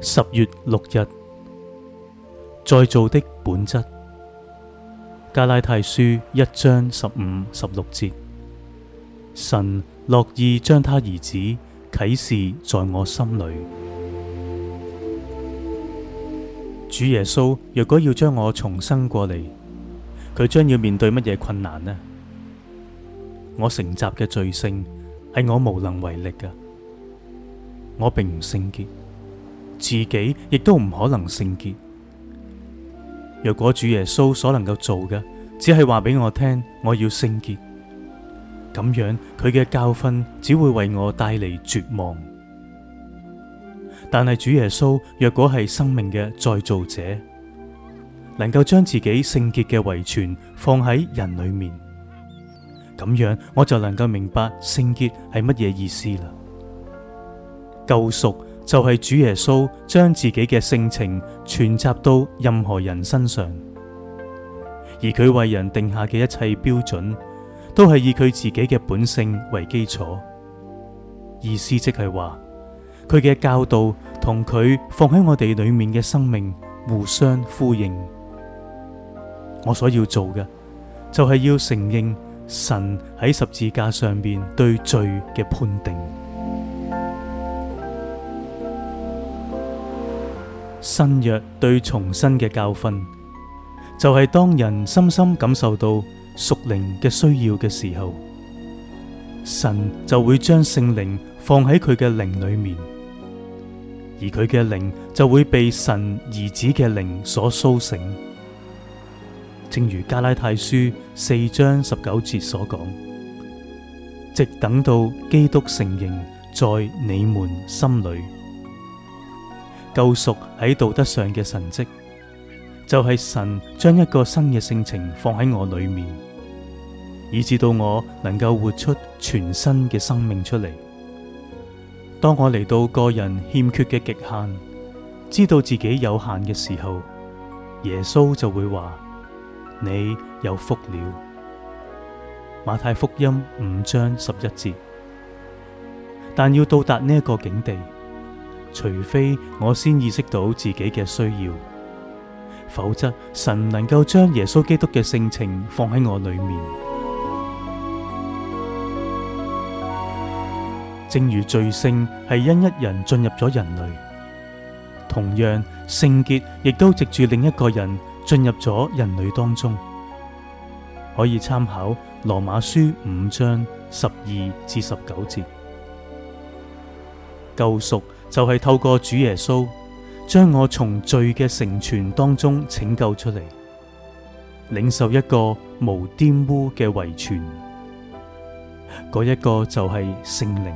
十月六日，再造的本質。加拉太書一章十五、十六節，神樂意將他兒子啟示在我心裏。主耶穌若果要將我重生過嚟，佢將要面對乜嘢困難呢？我承襲嘅罪性係我無能為力㗎。我並唔聖潔，自己亦都唔可能聖潔。若果主耶穌所能夠做嘅，只係話俾我聽我要聖潔，咁樣佢嘅教訓只會爲我帶嚟絕望。但係主耶穌若果係生命嘅再造者，能夠將自己聖潔嘅遺傳放喺人裏面，咁樣我就能夠明白聖潔係乜嘢意思啦。救贖就係主耶穌將自己嘅性情傳集到任何人身上，而佢為人定下嘅一切標準，都係以佢自己嘅本性為基礎。意思即係話，佢嘅教導同佢放喺我哋裏面嘅生命互相呼應。我所要做嘅，就係、是、要承認神喺十字架上面對罪嘅判定。新約對重生嘅教訓，就係、是、當人深深感受到屬靈嘅需要嘅時候，神就會將聖靈放喺佢嘅靈裏面，而佢嘅靈就會被神兒子嘅靈所甦醒，正如加拉太書四章十九節所講，直等到基督成形在你們心裏。救贖喺道德上嘅神蹟，就係神將一個新嘅性情放喺我裏面，以至到我能夠活出全新嘅生命出嚟。當我嚟到個人欠缺嘅極限，知道自己有限嘅時候，耶穌就會話：你有福了。馬太福音五章十一節。但要到達呢一個境地。除非我先意識到自己嘅需要，否則神能夠將耶穌基督嘅性情放喺我裏面。正如罪性係因一人進入咗人類，同樣聖潔亦都藉住另一個人進入咗人類當中。可以參考羅馬書五章十二至十九節，救贖。就係透過主耶穌，將我從罪嘅成全當中拯救出嚟，領受一個無玷污嘅遺傳，嗰一個就係聖靈。